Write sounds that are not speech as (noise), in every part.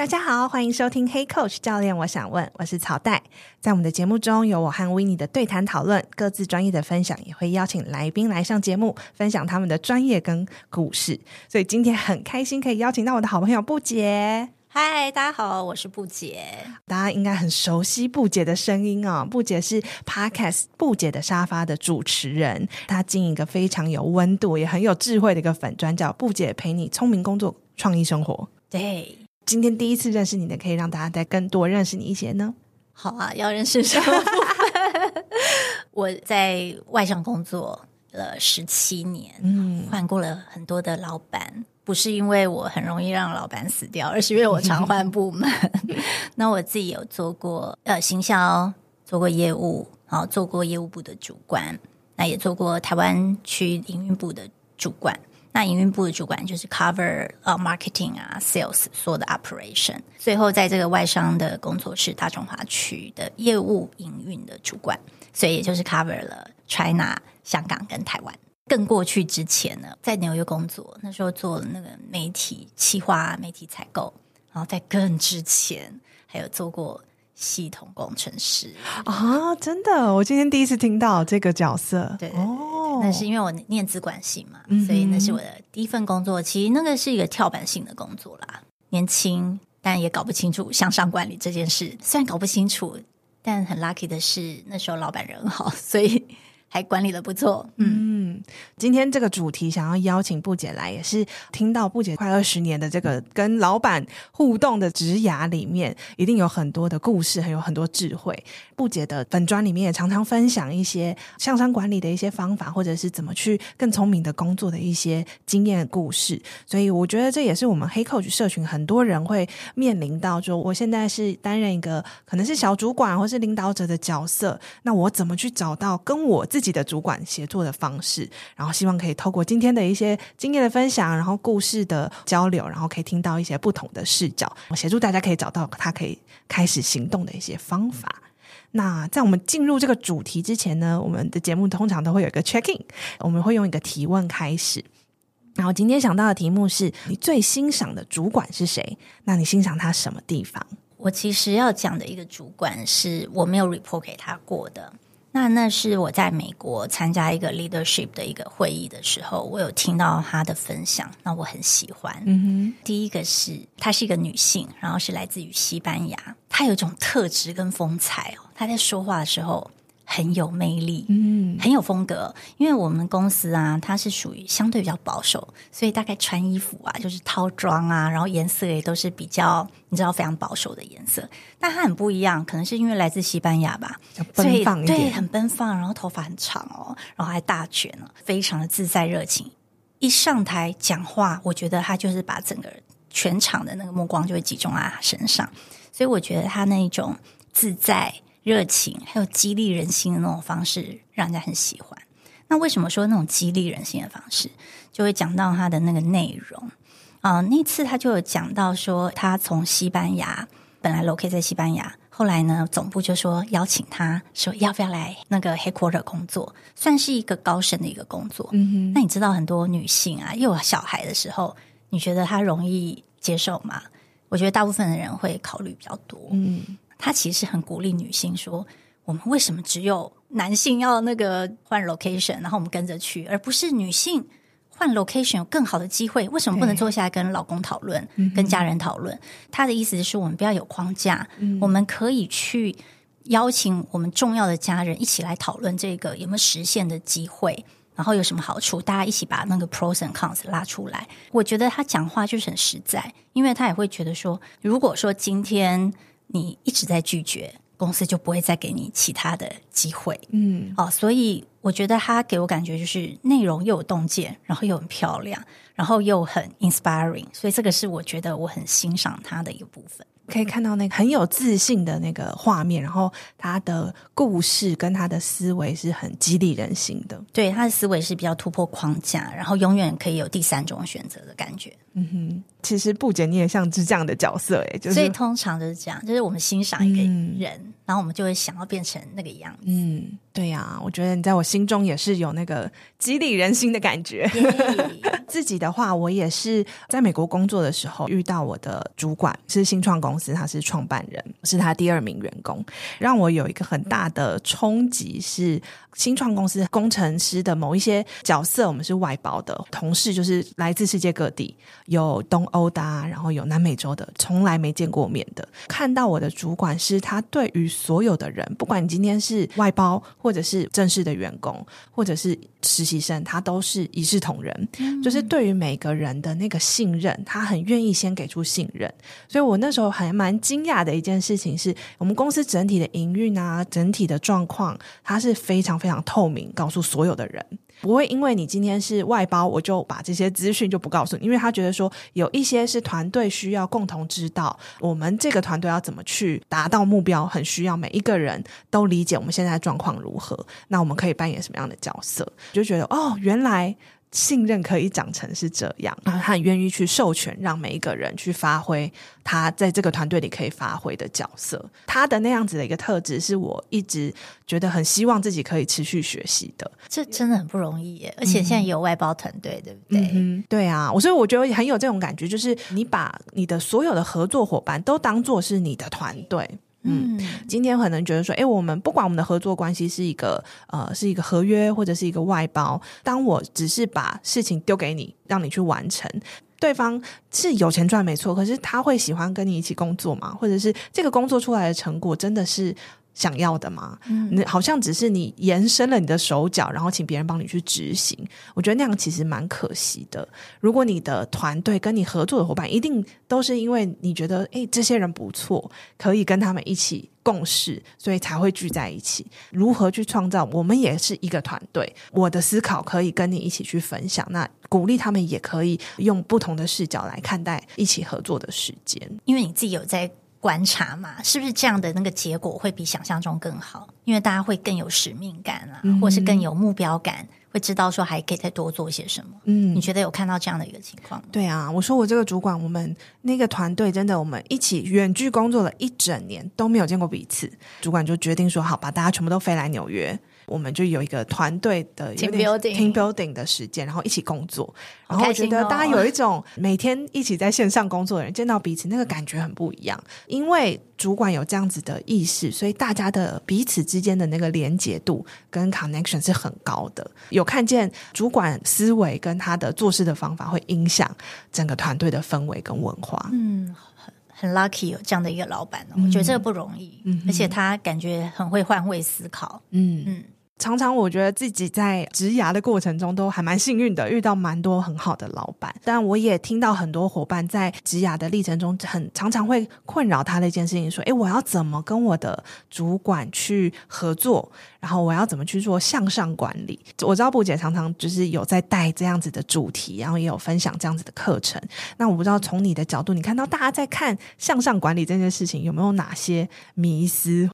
大家好，歡迎收聽黑、Hey、Coach 教練。我想問，我是曹戴。在我們的節目中有我和 Winnie 的對談討論、各自專業的分享，也會邀請來賓來上節目，分享他們的專業跟故事。所以今天很開心可以邀請到我的好朋友布姐。嗨，大家好，我是布姐。大家應該很熟悉布姐的聲音哦。布姐是 Podcast 布姐的沙發的主持人，她經營一個非常有溫度也很有智慧的一個粉專叫布姐陪你聰明工作，創意生活。對。今天第一次認識你的，可以讓大家再更多認識你一些呢。好啊，要認識什麼？ (laughs) 我在外商工作了十七年，嗯，換過了很多的老板，不是因為我很容易讓老板死掉，而是因為我常換部門。 (laughs) (laughs) 那我自己有做過呃行銷，做過業務，然後做過業務部的主管，那也做過台灣區營運部的主管。那營運部的主管就是 cover 呃、uh, marketing 啊 sales 所有的 operation 最後在這個外商的工作是大中華區的業務營運的主管，所以也就是 cover 了 China 香港跟台灣。更過去之前呢，在紐約工作，那時候做了那個媒體企劃、媒體採購，然後在更之前還有做過。系統工程師啊、哦，真的，我今天第一次聽到這個角色。對，對，對，對，但、哦、那是因為我念資管系嘛，嗯、哼所以那是我的第一份工作。其實那個是一個跳板性的工作啦，年輕但也搞不清楚向上管理這件事。雖然搞不清楚，但很 lucky 的是，那時候老闆人好，所以還管理得不錯。嗯。今天這個主題，想要邀請布姐來，也是聽到布姐快二十年的這個跟老闆互動的職涯裡面，一定有很多的故事，還有很多智慧。布姐的粉專裡面也常常分享一些向上管理的一些方法，或者是怎麼去更聰明的工作的一些經驗故事。所以我覺得這也是我們 Hey Coach 社群，很多人會面臨到說，說我現在是擔任一個可能是小主管或是領導者的角色，那我怎麼去找到跟我自己的主管協作的方式？然後希望可以透過今天的一些經驗的分享，然後故事的交流，然後可以聽到一些不同的視角，協助大家可以找到他可以開始行動的一些方法。嗯、那在我們進入這個主題之前呢，我們的節目通常都會有一個 check-in，我們會用一個提問開始。那我今天想到的題目是，你最欣賞的主管是誰？那你欣賞他什麼地方？我其實要講的一個主管是我沒有 report 給他過的。那那是我在美國參加一個 leadership 的一個會議的時候，我有聽到她的分享，那我很喜歡。嗯哼，第一個是她是一個女性，然後是來自於西班牙，她有一種特質跟風采哦，她在說話的時候很有魅力，嗯，很有風格。因為我們公司啊，它是屬於相對比較保守，所以大概穿衣服啊，就是套裝啊，然後顏色也都是比較，你知道，非常保守的顏色。但他很不一樣，可能是因為來自西班牙吧，奔放一點，對，很奔放，然後頭髮很長哦，然後還大捲，非常的自在熱情。一上台講話，我覺得他就是把整個全場的那個目光就會集中在他身上，所以我覺得他那一種自在熱情還有激勵人心的那種方式，讓人家很喜歡。那為什麼說那種激勵人心的方式，就會講到他的那個內容啊。呃，那次他就有講到說，他從西班牙本來 locate 在西班牙，後來呢，總部就說邀請他，說要不要來那個 headquarter 工作，算是一個高深的一個工作。嗯哼。那你知道很多女性啊，又有小孩的時候，你覺得她容易接受嗎？我覺得大部分的人會考慮比較多。嗯。他其實很鼓勵女性說：“我們為什麼只有男性要那個換 location，然後我們跟着去，而不是女性換 location 有更好的機會？為什麼不能坐下來跟老公討論、跟家人討論？”他的意思是我們不要有框架，我們可以去邀請我們重要的家人一起來討論這個有沒有實現的機會，然後有什麼好處，大家一起把那個 pros and cons 拉出來。我覺得他講話就是很實在，因為他也會覺得說，如果說今天，你一直在拒絕，公司就不會再給你其他的機會。嗯，哦，所以我覺得他給我感覺就是內容又有洞見，然後又很漂亮，然後又很 inspiring，所以這個是我覺得我很欣賞他的一個部分。可以看到那個很有自信的那個畫面，然後他的故事跟他的思維是很激勵人心的。對，他的思維是比較突破框架，然後永遠可以有第三種選擇的感覺。嗯哼，其實布姐你也像是這樣的角色，哎，就是。所以通常就是這樣，就是我們欣賞一個人，嗯、然後我們就會想要變成那個樣子。嗯，對呀、啊，我覺得你在我心中也是有那個激勵人心的感覺。耶 (laughs) 自己的話，我也是在美國工作的時候遇到我的主管，是新創公司。是他是創辦人，是他第二名員工，讓我有一個很大的衝擊是。新創公司工程師的某一些角色，我們是外包的同事，就是來自世界各地，有東歐的，然後有南美洲的，從來沒見過面的。看到我的主管是，他對於所有的人，不管你今天是外包或者是正式的員工，或者是實習生，他都是一視同仁，嗯、就是對於每個人的那個信任，他很願意先給出信任。所以我那時候還蠻驚訝的一件事情是，我們公司整體的營運啊，整體的狀況，它是非常。非常透明，告訴所有的人，不會因為你今天是外包，我就把這些資訊就不告訴你。因為他覺得說，有一些是團隊需要共同知道，我們這個團隊要怎麼去達到目標，很需要每一個人都理解我們現在狀況如何，那我們可以扮演什麼樣的角色，就覺得哦，原來。信任可以長成是這樣，然後他很願意去授權，讓每一個人去發揮他在這個團隊裡可以發揮的角色。他的那樣子的一個特質，是我一直覺得很希望自己可以持續學習的。這真的很不容易耶！而且現在也有外包團隊，嗯、對不對？嗯嗯對啊。我所以我覺得很有這種感覺，就是你把你的所有的合作夥伴都當做是你的團隊。嗯，今天可能覺得說，哎、欸，我們不管我們的合作關係是一個呃，是一個合約或者是一個外包，當我只是把事情丟給你，讓你去完成，對方是有錢賺沒錯，可是他會喜歡跟你一起工作嗎？或者是這個工作出來的成果真的是？想要的嗎？嗯，好像只是你延伸了你的手腳，然後請別人幫你去執行。我覺得那樣其實蠻可惜的。如果你的團隊跟你合作的夥伴，一定都是因為你覺得誒，這些人不錯，可以跟他們一起共事，所以才會聚在一起。如何去創造？我們也是一個團隊，我的思考可以跟你一起去分享。那鼓勵他們也可以用不同的視角來看待一起合作的時間。因為你自己有在。觀察嘛，是不是這樣的，那個結果會比想象中更好？因為大家會更有使命感啊，嗯，或是更有目標感，會知道說還可以再多做些什麼。嗯，你覺得有看到這樣的一個情況嗎？對啊，我說我這個主管，我們那個團隊真的，我們一起遠距工作了一整年都沒有見過彼此，主管就決定說好吧，大家全部都飛來紐約。我們就有一個團隊的 team building team building 的時間，然後一起工作。然後我覺得大家有一種每天一起在線上工作的人、哦、見到彼此那個感覺很不一樣。因為主管有這樣子的意識，所以大家的彼此之間的那個連接度跟 connection 是很高的。有看見主管思維跟他的做事的方法會影響整個團隊的氛圍跟文化。嗯，很 lucky 有這樣的一個老闆、哦，我覺得這個不容易。嗯、哼而且他感覺很會換位思考。嗯嗯。嗯常常我覺得自己在職涯的過程中都還蠻幸運的，遇到蠻多很好的老闆。但我也聽到很多夥伴在職涯的歷程中，很常常會困擾他的一件事情，說：“哎，我要怎麼跟我的主管去合作？然後我要怎麼去做向上管理？”我知道布姐常常就是有在帶這樣子的主題，然後也有分享這樣子的課程。那我不知道從你的角度，你看到大家在看向上管理這件事情，有沒有哪些迷思？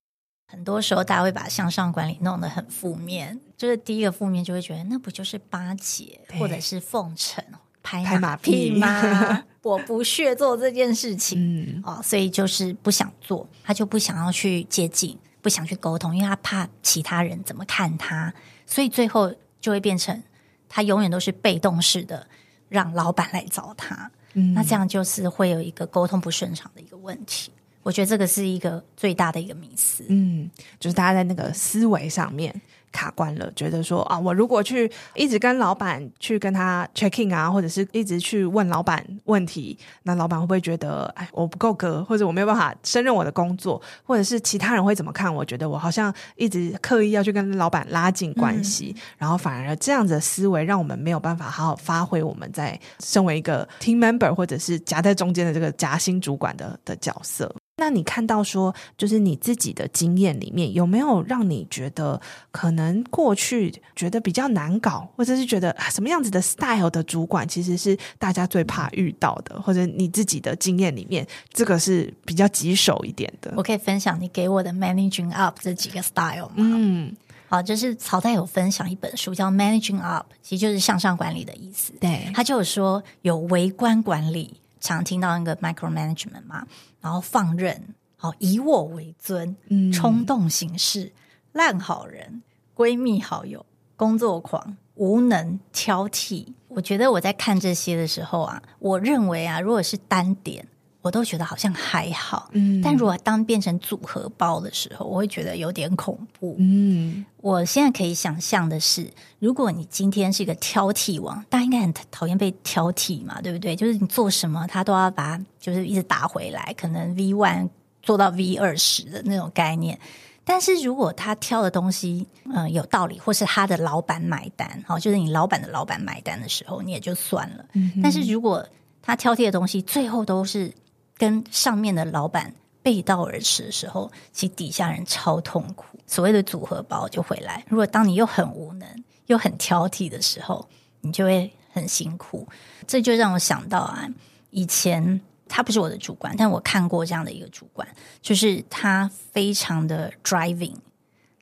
很多時候，大家會把向上管理弄得很負面。就是第一個負面，就會覺得那不就是巴結或者是奉承、拍馬屁嗎？我不屑做這件事情，哦，所以就是不想做，他就不想要去接近，不想去溝通，因為他怕其他人怎麼看他，所以最後就會變成他永遠都是被動式的，讓老板來找他。那這樣就是會有一個溝通不順暢的一個問題。我覺得這個是一個最大的一個迷思，嗯，就是大家在那個思維上面卡關了，覺得說啊，我如果去一直跟老板去跟他 check in 啊，或者是一直去問老板問題，那老板會不會覺得哎，我不夠格，或者我沒有辦法勝任我的工作，或者是其他人會怎麼看我？我覺得我好像一直刻意要去跟老板拉近關係，嗯、然後反而這樣子的思維，讓我們沒有辦法好好發揮我們在身為一個 team member 或者是夾在中間的這個夾心主管的的角色。那你看到說，就是你自己的經驗裡面有沒有讓你覺得可能過去覺得比較難搞，或者是覺得什麼樣子的 style 的主管，其實是大家最怕遇到的，或者你自己的經驗裡面，這個是比較棘手一點的。我可以分享你給我的 managing up 這幾個 style 嘛？嗯，好，就是曹太有分享一本書叫 managing up，其實就是向上管理的意思。對，他就有說有微觀管理。常聽到那個 micromanagement 嘛，然後放任，好、哦、以我為尊，衝動行事，嗯、爛好人，閨蜜好友，工作狂，無能挑剔。我覺得我在看這些的時候啊，我認為啊，如果是單點。我都覺得好像還好，嗯、但如果當變成組合包的時候，我會覺得有點恐怖。嗯，我現在可以想象的是，如果你今天是一個挑剔王，大家應該很討厭被挑剔嘛，對不對？就是你做什麼，他都要把，就是一直打回來，可能 V one 做到 V 二十的那種概念。但是如果他挑的東西，嗯、呃，有道理，或是他的老板買單，哦，就是你老板的老板買單的時候，你也就算了。嗯、哼但是如果他挑剔的東西，最後都是。跟上面的老闆背道而馳的時候，其實底下人超痛苦。所謂的組合包就回來。如果當你又很無能又很挑剔的時候，你就會很辛苦。這就讓我想到啊，以前他不是我的主管，但我看過這樣的一個主管，就是他非常的 driving，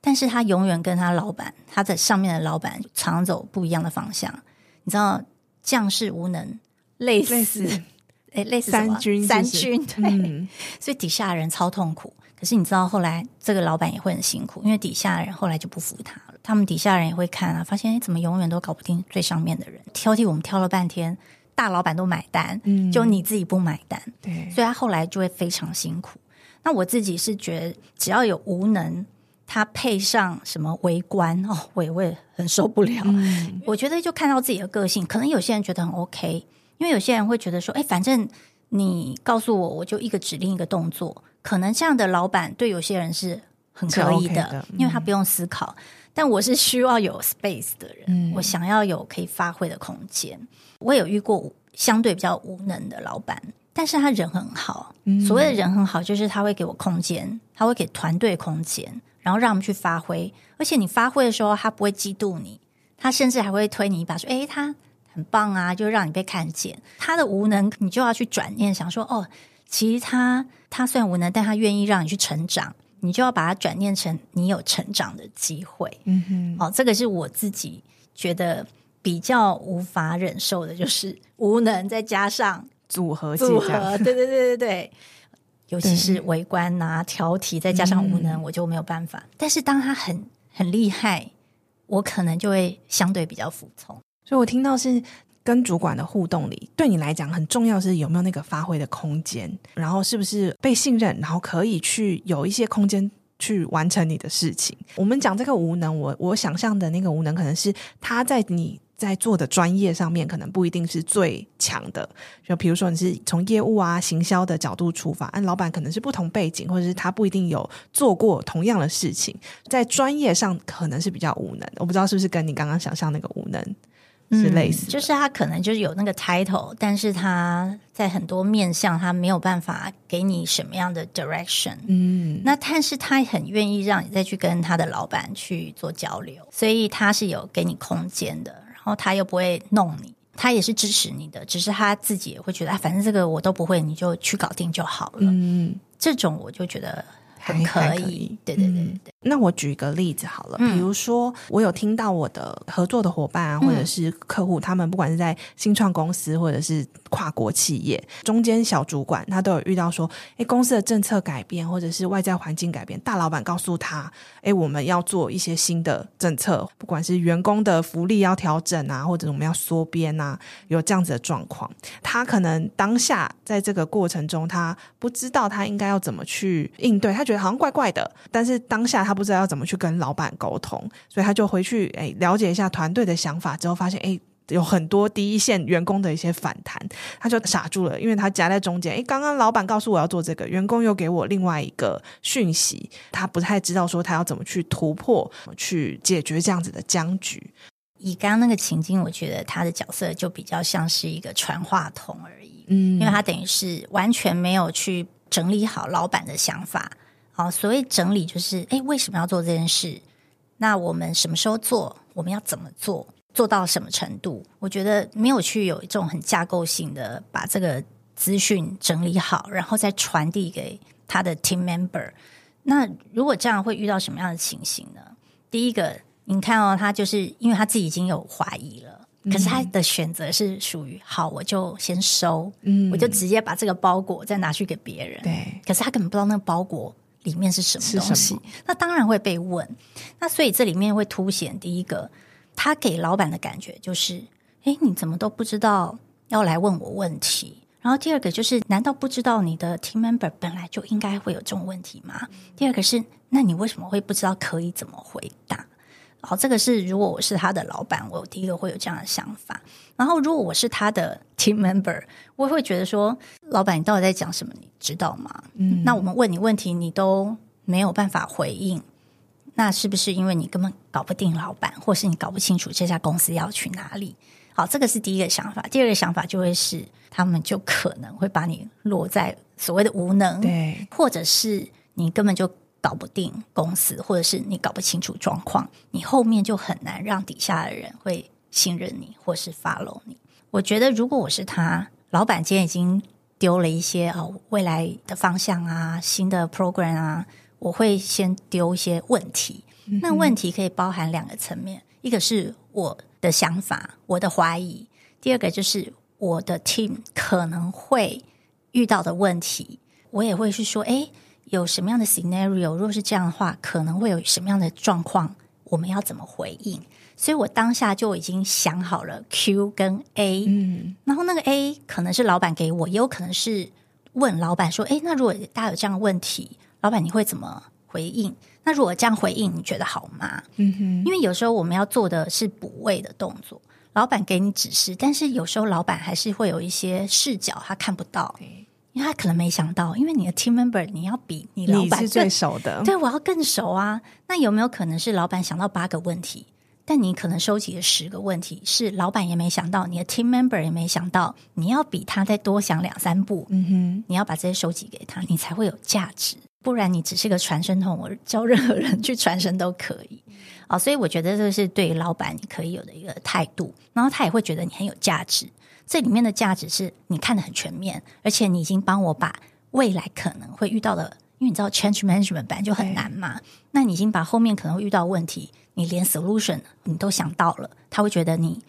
但是他永遠跟他老闆，他在上面的老闆常常走不一樣的方向。你知道，將士無能，累死似。類似哎、欸，類似三軍，就是，三軍，對。嗯、所以底下人超痛苦。可是你知道，後來這個老闆也會很辛苦，因為底下人後來就不服他了。他們底下人也會看啊，發現怎麼永遠都搞不定最上面的人？挑剔我們挑了半天，大老闆都買單，嗯，就你自己不買單，對。所以他後來就會非常辛苦。那我自己是覺得，只要有無能，他配上什麼圍觀哦，我也會很受不了。嗯、我覺得就看到自己的個性，可能有些人覺得很 OK。因為有些人會覺得說，哎，反正你告訴我，我就一個指令一個動作，可能這樣的老板對有些人是很可以的，是 OK 的。嗯、因為他不用思考。但我是需要有 space 的人，嗯、我想要有可以發揮的空間。我有遇過相對比較無能的老板，但是他人很好。嗯、所謂的人很好，就是他會給我空間，他會給團隊空間，然後讓我們去發揮。而且你發揮的時候，他不會嫉妒你，他甚至還會推你一把，說：“哎，他。”很棒啊！就讓你被看見。他的無能，你就要去轉念想說：哦，其實他他雖然無能，但他願意讓你去成長。你就要把它轉念成你有成長的機會。嗯哼，哦，這個是我自己覺得比較無法忍受的，就是無能再加上組合組合，對對對對對，對尤其是圍觀啊、挑剔，再加上無能，嗯、我就沒有辦法。但是當他很很厲害，我可能就會相對比較服從。所以我聽到是跟主管的互動裡，對你來講很重要的是有沒有那個發揮的空間，然後是不是被信任，然後可以去有一些空間去完成你的事情。我們講這個無能，我我想象的那個無能，可能是他在你在做的專業上面可能不一定是最強的。就比如說你是從業務啊、行銷的角度出發，按老板可能是不同背景，或者是他不一定有做過同樣的事情，在專業上可能是比較無能。我不知道是不是跟你剛剛想象的那個無能。是類似、嗯，就是他可能就是有那個 title，但是他在很多面向他沒有辦法給你什麼樣的 direction，嗯，那但是他很願意讓你再去跟他的老板去做交流，所以他是有給你空間的，然後他又不會弄你，他也是支持你的，只是他自己也會覺得、啊，反正這個我都不會，你就去搞定就好了，嗯，這種我就覺得很可以，還還可以對對對、嗯、對。那我舉一個例子好了，嗯、比如說我有聽到我的合作的夥伴啊，或者是客戶，嗯、他們不管是在新創公司，或者是跨國企業，中間小主管，他都有遇到說，哎、欸，公司的政策改變，或者是外在環境改變，大老闆告訴他，哎、欸，我們要做一些新的政策，不管是員工的福利要調整啊，或者我們要縮編啊，有這樣子的狀況，他可能當下在這個過程中，他不知道他應該要怎麼去應對，他覺得好像怪怪的，但是當下他。不知道要怎麼去跟老闆溝通，所以他就回去誒、欸、了解一下團隊的想法之後，發現誒、欸、有很多第一線員工的一些反彈，他就傻住了，因為他夾在中間。誒、欸，剛剛老闆告訴我要做這個，員工又給我另外一個訊息，他不太知道說他要怎麼去突破，去解決這樣子的僵局。以剛剛那個情境，我覺得他的角色就比較像是一個傳話筒而已，嗯，因為他等於是完全沒有去整理好老闆的想法。好，所謂整理就是，哎，為什麼要做這件事？那我們什麼時候做？我們要怎麼做？做到什麼程度？我覺得沒有去有一種很架構性的把這個資訊整理好，然後再傳遞給他的 team member。那如果這樣會遇到什麼樣的情形呢？第一個，你看哦，他就是因為他自己已經有懷疑了，嗯，可是他的選擇是屬於好，我就先收，嗯，我就直接把這個包裹再拿去給別人。對，可是他根本不知道那個包裹。裡面是什麼東西？那當然會被問。那所以這裡面會凸顯第一個，他給老闆的感覺就是：誒，你怎麼都不知道要來問我問題？然後第二個就是，難道不知道你的 team member 本來就應該會有這種問題嗎？第二個是，那你為什麼會不知道可以怎麼回答？好，這個是如果我是他的老板，我第一個會有這樣的想法。然後如果我是他的 team member，我會覺得說，老板你到底在講什麼？你知道嗎？嗯，那我們問你問題，你都沒有辦法回應，那是不是因為你根本搞不定老板，或是你搞不清楚這家公司要去哪裡？好，這個是第一個想法。第二個想法就會是，他們就可能會把你落在所謂的無能，對，或者是你根本就。搞不定公司，或者是你搞不清楚狀況，你後面就很難讓底下的人會信任你，或是 follow 你。我覺得，如果我是他老板，今天已經丟了一些哦，未來的方向啊、新的 program 啊，我會先丟一些問題。那問題可以包含兩個層面，一個是我的想法、我的懷疑；第二個就是我的 team 可能會遇到的問題。我也會去說，誒。有什麼樣的 scenario？如果是這樣的話，可能會有什麼樣的狀況？我們要怎麼回應？所以我當下就已經想好了 Q 跟 A。嗯哼。嗯，然後那個 A 可能是老板給我，也有可能是問老板說：“誒，那如果大家有這樣的問題，老板你會怎麼回應？那如果這樣回應，你覺得好嗎？”嗯哼。因為有時候我們要做的是補位的動作，老板給你指示，但是有時候老板還是會有一些視角他看不到。嗯因為他可能沒想到，因為你的 team member 你要比你老板更熟的，對，對，我要更熟啊。那有沒有可能是老闆想到八個問題，但你可能收集了十個問題，是老闆也沒想到，你的 team member 也沒想到，你要比他再多想兩三步。嗯哼，你要把這些收集給他，你才會有價值，不然你只是個傳聲筒，我教任何人去傳聲都可以。哦，所以我覺得這是對於老闆你可以有的一個態度，然後他也會覺得你很有價值。這裡面的價值是，你看得很全面，而且你已經幫我把未來可能會遇到的，因為你知道 change management 本來就很難嘛，對那你已經把後面可能會遇到問題，你連 solution 你都想到了，他會覺得你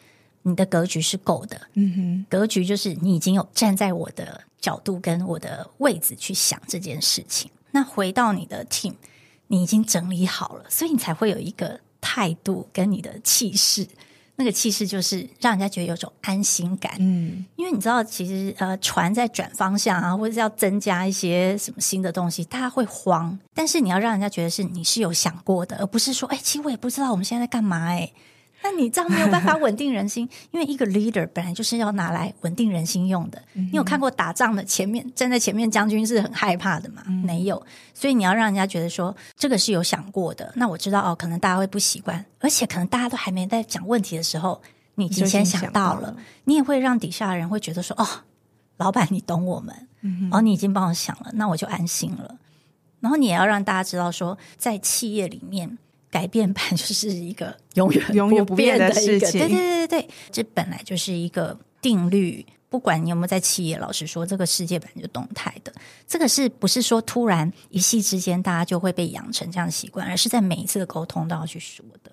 你的格局是夠的，嗯、哼格局就是你已經有站在我的角度跟我的位置去想這件事情，那回到你的 team，你已經整理好了，所以你才會有一個態度跟你的氣勢。那個氣勢就是讓人家覺得有種安心感，嗯，因為你知道，其實呃，船在轉方向啊，或者是要增加一些什麼新的東西，大家會慌。但是你要讓人家覺得是你是有想過的，而不是說，哎、欸，其實我也不知道我們現在在幹嘛、欸，哎。那你這樣沒有辦法穩定人心， (laughs) 因為一個 leader 本來就是要拿來穩定人心用的。嗯、哼你有看過打仗的前面站在前面將軍是很害怕的嘛？嗯、沒有，所以你要讓人家覺得說這個是有想過的。那我知道哦，可能大家會不習慣，而且可能大家都還沒在講問題的時候，你提前想到了，到了你也會讓底下的人會覺得說哦，老闆你懂我們，嗯、哼哦，你已經幫我想了，那我就安心了。然後你也要讓大家知道說，在企業裡面。改變版就是一個永遠永遠不變的事情。對對對對，這本來就是一個定律。不管你有沒有在企業，老實說，這個世界本來就動態的。這個是不是說突然一夕之間大家就會被養成這樣的習慣，而是在每一次的溝通都要去說的。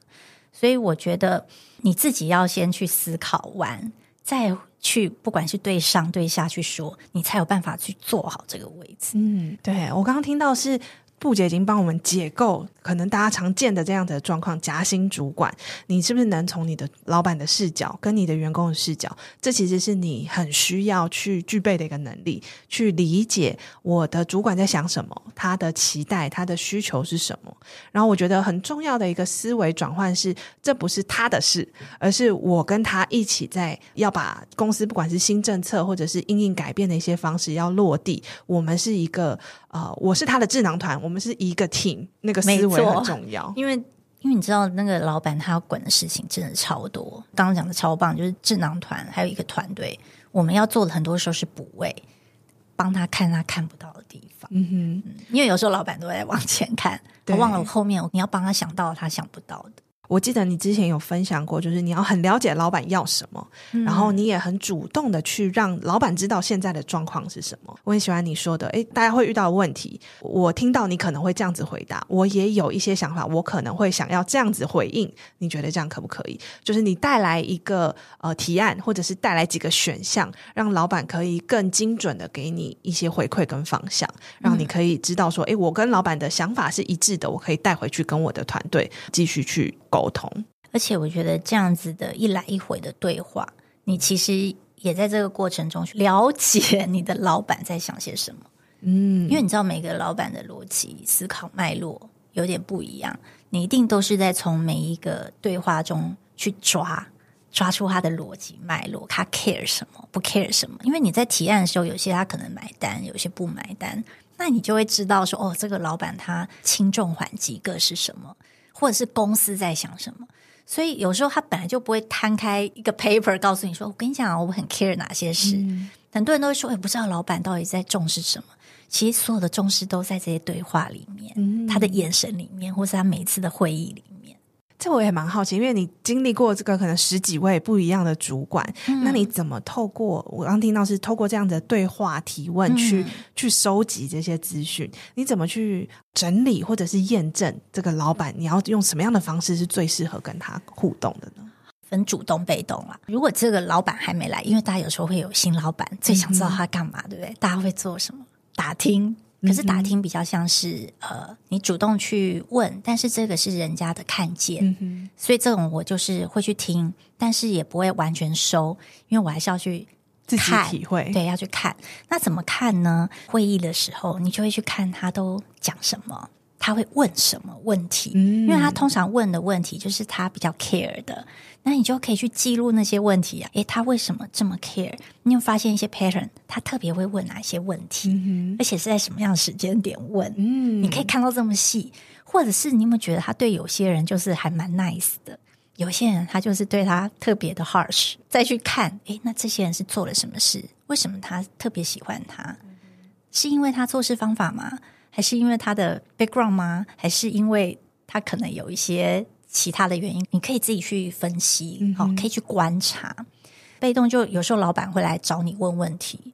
所以我覺得你自己要先去思考完，再去不管是對上對下去說，你才有辦法去做好這個位置。嗯，對我剛剛聽到是。布姐已經幫我們解構，可能大家常見的這樣的狀況，夾心主管，你是不是能從你的老板的視角跟你的員工的視角？這其實是你很需要去具備的一個能力，去理解我的主管在想什麼，他的期待、他的需求是什麼。然後，我覺得很重要的一個思維轉換是，這不是他的事，而是我跟他一起在要把公司不管是新政策或者是因應改變的一些方式要落地。我們是一個。啊、哦，我是他的智囊團，我們是一個 team，那個思維很重要。因為，因為你知道，那個老闆他要管的事情真的超多。剛剛講的超棒，就是智囊團還有一個團隊，我們要做的很多時候是補位，幫他看他看不到的地方。嗯哼嗯，因為有時候老闆都會在往前看，他對忘了我後面，你要幫他想到他想不到的。我記得你之前有分享過，就是你要很了解老闆要什麼，嗯、然後你也很主動的去讓老闆知道現在的狀況是什麼。我很喜歡你說的，誒，大家會遇到問題，我聽到你可能會這樣子回答，我也有一些想法，我可能會想要這樣子回應。你覺得這樣可不可以？就是你帶來一個呃提案，或者是帶來幾個選項，讓老闆可以更精準的給你一些回饋跟方向，讓你可以知道說，嗯、誒，我跟老闆的想法是一致的，我可以帶回去跟我的團隊繼續去溝而且我覺得這樣子的一來一回的對話，你其實也在這個過程中去了解你的老板在想些什麼。嗯，因為你知道每個老板的邏輯、思考脈絡有點不一樣，你一定都是在從每一個對話中去抓、抓出他的邏輯脈絡，他 care 什麼，不 care 什麼。因為你在提案的時候，有些他可能買單，有些不買單，那你就會知道說，哦，這個老板他輕重緩急各是什麼。或者是公司在想什麼，所以有時候他本來就不會攤開一個 paper 告訴你說：“我跟你講，我很 care 哪些事。”很多人都會說：“哎、欸，不知道老闆到底在重視什麼？”其實所有的重視都在這些對話裡面，他的眼神裡面，或是他每一次的會議裡面。這我也蠻好奇，因為你經歷過這個可能十幾位不一樣的主管，嗯、那你怎麼透過我剛聽到是透過這樣的對話提問去、嗯、去收集這些資訊？你怎麼去整理或者是驗證這個老闆？你要用什麼樣的方式是最適合跟他互動的呢？分主動被動啦。如果這個老闆還沒來，因為大家有時候會有新老闆，最想知道他幹嘛，嗯、對不對？大家會做什麼打聽？可是打聽比較像是呃，你主動去問，但是這個是人家的看見，嗯哼，所以這種我就是會去聽，但是也不會完全收，因為我還是要去看自己體會，對，要去看。那怎麼看呢？會議的時候，你就會去看他都講什麼。他會問什麼問題？因為他通常問的問題就是他比較 care 的，嗯、那你就可以去記錄那些問題啊。誒，他為什麼這麼 care？你有發現一些 pattern？他特別會問哪些問題？嗯、哼而且是在什麼樣的時間點問？嗯、你可以看到這麼細。或者是你有沒有覺得他對有些人就是還蠻 nice 的，有些人他就是對他特別的 harsh？再去看，誒，那這些人是做了什麼事？為什麼他特別喜歡他？是因為他做事方法嗎？還是因為他的 background 嗎？還是因為他可能有一些其他的原因？你可以自己去分析，好、嗯哼，可以去觀察。被動就有時候老闆會來找你問問題，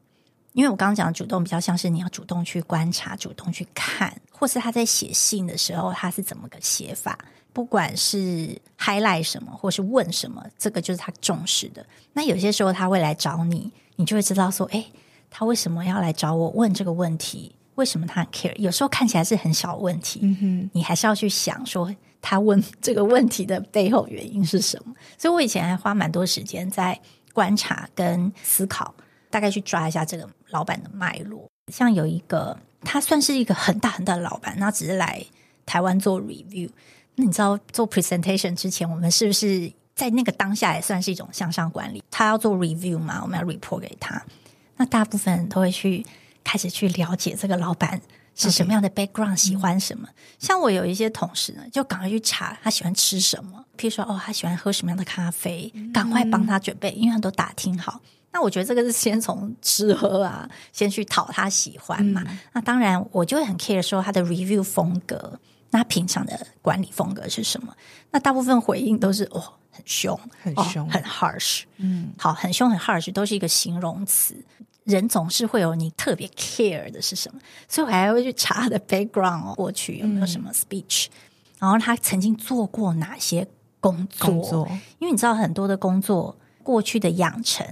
因為我剛剛講主動比較像是你要主動去觀察、主動去看，或是他在寫信的時候他是怎麼個寫法，不管是 highlight 什麼或是問什麼，這個就是他重視的。那有些時候他會來找你，你就會知道說，誒，他為什麼要來找我問這個問題？為什麼他很 care？有時候看起來是很小問題，嗯、哼你還是要去想說，他問這個問題的背後原因是什麼？所以我以前還花蠻多時間在觀察跟思考，大概去抓一下這個老板的脈絡。像有一個，他算是一個很大很大的老板，那只是來台灣做 review。那你知道做 presentation 之前，我們是不是在那個當下也算是一種向上管理？他要做 review 嘛，我們要 report 給他。那大部分都會去。開始去了解這個老闆是什麼樣的 background，是喜歡什麼。嗯、像我有一些同事呢，就趕快去查他喜歡吃什麼，譬如說哦，他喜歡喝什麼樣的咖啡，嗯、趕快幫他準備，因為他都打聽好。那我覺得這個是先從吃喝啊，先去討他喜歡嘛。嗯、那當然，我就會很 care 說他的 review 風格，那平常的管理風格是什麼？那大部分回應都是哦。很凶、哦很嗯，很凶，很 harsh。嗯，好，很凶很 harsh 都是一個形容詞。人總是會有你特別 care 的是什麼，所以我還會去查他的 background，、哦、過去有沒有什麼 speech，、嗯、然後他曾經做過哪些工作。工作因為你知道，很多的工作過去的養成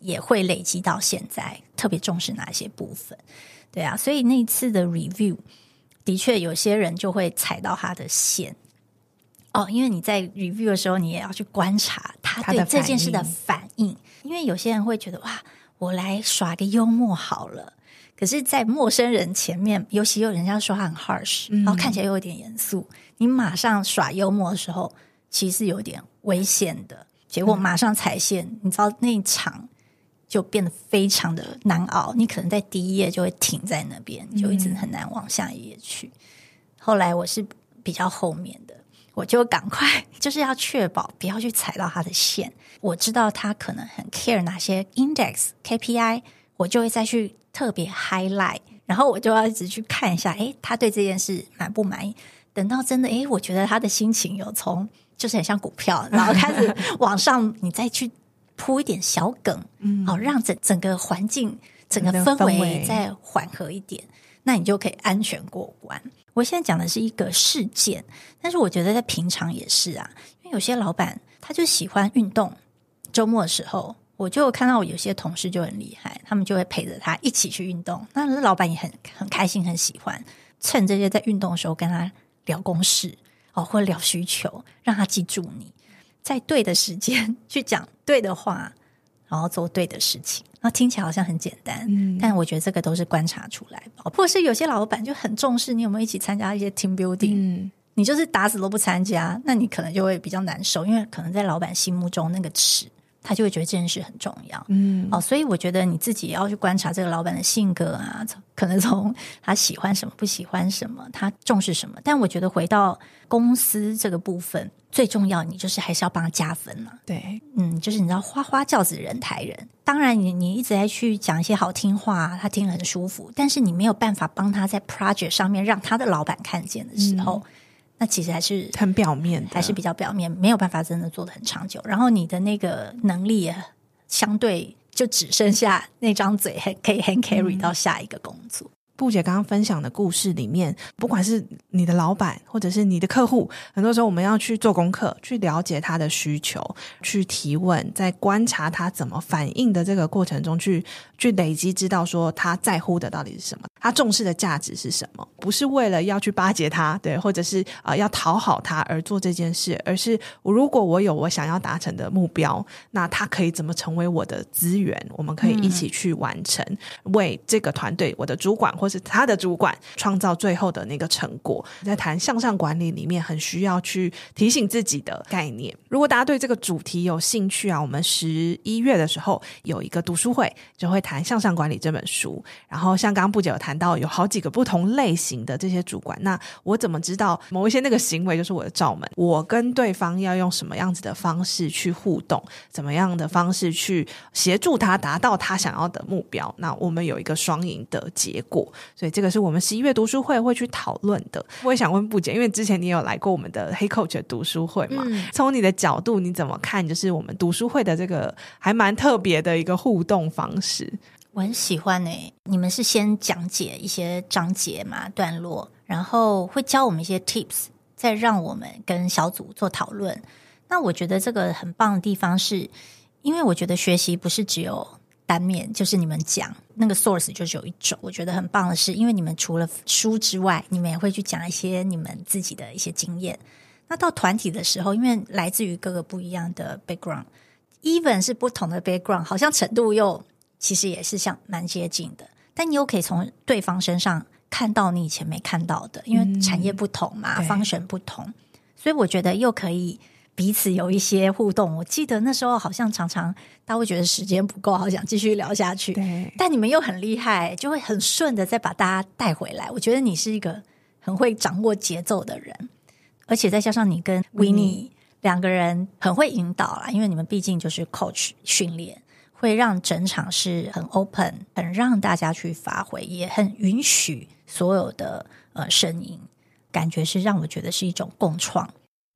也會累積到現在，特別重視哪些部分？對啊，所以那一次的 review，的確有些人就會踩到他的線。哦，因為你在 review 的時候，你也要去觀察他對這件事的反應，反應因為有些人會覺得哇，我來耍個幽默好了。可是，在陌生人前面，尤其有人家說話很 harsh，、嗯、然後看起來又有點嚴肅，你馬上耍幽默的時候，其實是有點危險的。結果馬上踩線，嗯、你知道那一場就變得非常的難熬。你可能在第一頁就會停在那邊，就一直很難往下一頁去。嗯、後來我是比較後面的。我就趕快，就是要確保不要去踩到他的線。我知道他可能很 care 哪些 index KPI，我就會再去特別 highlight，然後我就要一直去看一下，哎、欸，他對這件事滿不滿意？等到真的，哎、欸，我覺得他的心情有從就是很像股票，然後開始往上，你再去鋪一點小梗， (laughs) 哦，讓整整個環境、整個氛圍再緩和一點。那你就可以安全過關。我現在講的是一個事件，但是我覺得在平常也是啊，因為有些老闆他就喜歡運動，周末的時候我就看到我有些同事就很厲害，他們就會陪着他一起去運動。那老闆也很很開心，很喜歡趁這些在運動的時候跟他聊公事哦，或者聊需求，讓他記住你在對的時間去講對的話。然後做對的事情，那聽起來好像很簡單，嗯、但我覺得這個都是觀察出來。或者是有些老板就很重視你有沒有一起參加一些 team building，嗯、你就是打死都不參加，那你可能就會比較難受，因為可能在老板心目中那個尺。他就會覺得這件事很重要，嗯，哦，所以我覺得你自己也要去觀察這個老板的性格啊，可能從他喜歡什麼、不喜歡什麼，他重視什麼。但我覺得回到公司這個部分，最重要你就是還是要幫他加分嘛。對，嗯，就是你知道花花轎子人抬人，當然你你一直在去講一些好聽話啊，他聽很舒服，但是你沒有辦法幫他，在 project 上面讓他的老板看見的時候。嗯那其實還是很表面，還是比較表面，沒有辦法真的做得很長久。然後你的那個能力、啊、相對就只剩下那張嘴，可以 hand carry 到下一個工作。嗯布姐剛剛分享的故事裡面，不管是你的老闆或者是你的客戶，很多時候我們要去做功課，去了解他的需求，去提問，在觀察他怎麼反應的這個過程中去，去去累積知道說他在乎的到底是什麼，他重視的價值是什麼？不是為了要去巴結他，對，或者是啊，呃，要討好他而做這件事，而是我如果我有我想要達成的目標，那他可以怎麼成為我的資源？我們可以一起去完成，嗯，為這個團隊，我的主管。或是他的主管創造最後的那個成果，在談向上管理裡面很需要去提醒自己的概念。如果大家對這個主題有興趣啊，我們十一月的時候有一個讀書會，就會談向上管理這本書。然後像剛剛不久談到，有好幾個不同類型的這些主管，那我怎麼知道某一些那個行為就是我的罩門？我跟對方要用什麼樣子的方式去互動？怎麼樣的方式去協助他達到他想要的目標？那我們有一個雙贏的結果。所以這個是我們十一月讀書會會去討論的。我也想問布姐，因為之前你有來過我們的 Hey Coach 讀書會嘛，從、嗯、你的角度，你怎麼看？就是我們讀書會的這個還蠻特別的一個互動方式，我很喜歡誒、欸。你們是先講解一些章節嘛，段落，然後會教我們一些 tips，再讓我們跟小組做討論。那我覺得這個很棒的地方是，因為我覺得學習不是只有。單面就是你們講那個 source 就是有一種，我覺得很棒的是，因為你們除了書之外，你們也會去講一些你們自己的一些經驗。那到團體的時候，因為來自於各個不一樣的 background，even 是不同的 background，好像程度又其實也是像蠻接近的。但你又可以從對方身上看到你以前沒看到的，因為產業不同嘛，嗯、方向不同，所以我覺得又可以。彼此有一些互動，我記得那時候好像常常他會覺得時間不夠，好想繼續聊下去。對，但你們又很厲害，就會很順的再把大家帶回來。我覺得你是一個很會掌握節奏的人，而且再加上你跟 Winnie、嗯、兩個人很會引導啦，因為你們畢竟就是 coach 訓練，會讓整場是很 open，很讓大家去發揮，也很允許所有的呃聲音，感覺是讓我覺得是一種共創。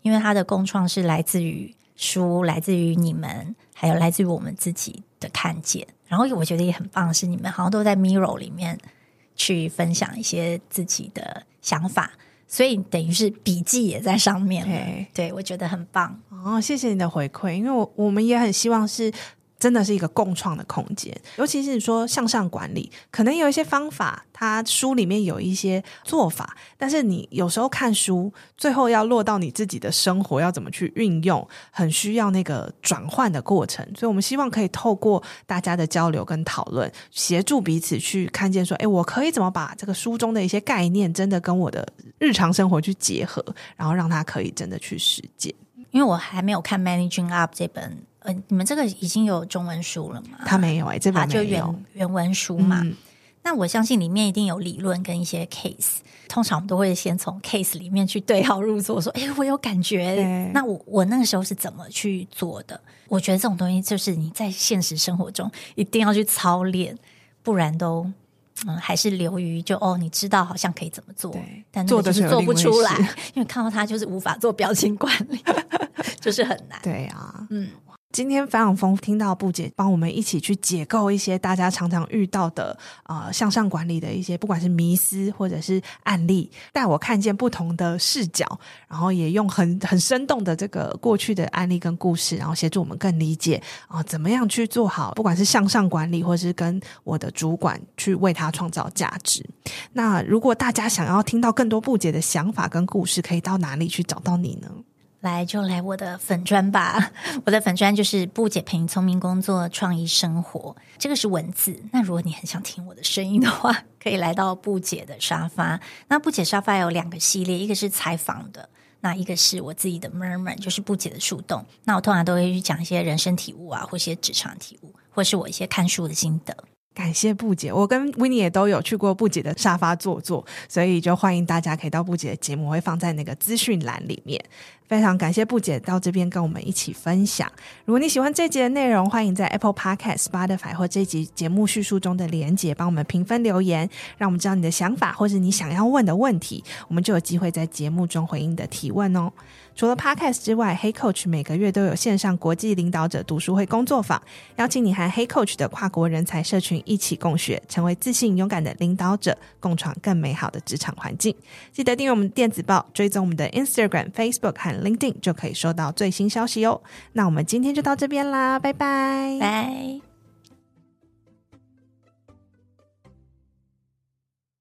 因為它的共創是來自於書，來自於你們，還有來自於我們自己的看見。然後我覺得也很棒是，你們好像都在 Miro 裡面去分享一些自己的想法，所以等於是筆記也在上面。對，對，我覺得很棒，然，哦，謝謝你的回饋，因為我我們也很希望是。真的是一個共創的空間，尤其是說向上管理，可能有一些方法，它書裡面有一些做法，但是你有時候看書，最後要落到你自己的生活，要怎麼去運用，很需要那個轉換的過程。所以，我們希望可以透過大家的交流跟討論，協助彼此去看見說，哎，我可以怎麼把這個書中的一些概念，真的跟我的日常生活去結合，然後讓它可以真的去實踐。因為我還沒有看《Managing Up》這本。嗯，你們這個已經有中文書了嗎？他沒有哎、欸，這本沒有、啊，就原原文書嘛。嗯、那我相信裡面一定有理論跟一些 case。通常我們都會先從 case 裡面去對號入座，說：“哎、欸，我有感覺。對”那我我那個時候是怎麼去做的？我覺得這種東西就是你在現實生活中一定要去操練，不然都嗯還是流於就哦，你知道好像可以怎麼做，對但做的是做不出來，對因為看到他就是無法做表情管理， (laughs) 就是很難。對啊，嗯。今天非常豐富聽到布姐幫我們一起去解構一些大家常常遇到的啊、呃、向上管理的一些不管是迷思或者是案例，帶我看見不同的視角，然後也用很很生動的這個過去的案例跟故事，然後協助我們更理解，啊、呃，怎麼樣去做好，不管是向上管理或者是跟我的主管去為他創造價值。那如果大家想要聽到更多布姐的想法跟故事，可以到哪裡去找到你呢？來就來我的粉專吧，我的粉專就是布姐陪你、聰明工作、創意生活，這個是文字。那如果你很想聽我的聲音的話，可以來到布姐的沙發。那布姐沙發有兩個系列，一個是採訪的，那一個是我自己的 murmur，ur, 就是布姐的樹洞。那我通常都會去講一些人生體悟啊，或一些職場體悟，或是我一些看書的心得。感謝布姐，我跟 Winnie 也都有去過布姐的沙發坐坐，所以就歡迎大家可以到布姐的節目，會放在那個資訊欄裡面。非常感謝布姐到這邊跟我們一起分享。如果你喜歡這集的內容，歡迎在 Apple Podcast、Spotify 或這集節目敘述中的連結，幫我們評分留言，讓我們知道你的想法或者你想要問的問題，我們就有機會在節目中回應你的提問哦。除了 Podcast 之外，Hey Coach 每個月都有線上國際領導者讀書會工作坊，邀請你和 Hey Coach 的跨國人才社群一起共學，成為自信勇敢的領導者，共創更美好的職場環境。記得訂閱我們的電子報，追蹤我們的 Instagram、Facebook 和 LinkedIn，就可以收到最新消息哦。那我們今天就到這邊啦，拜拜，拜。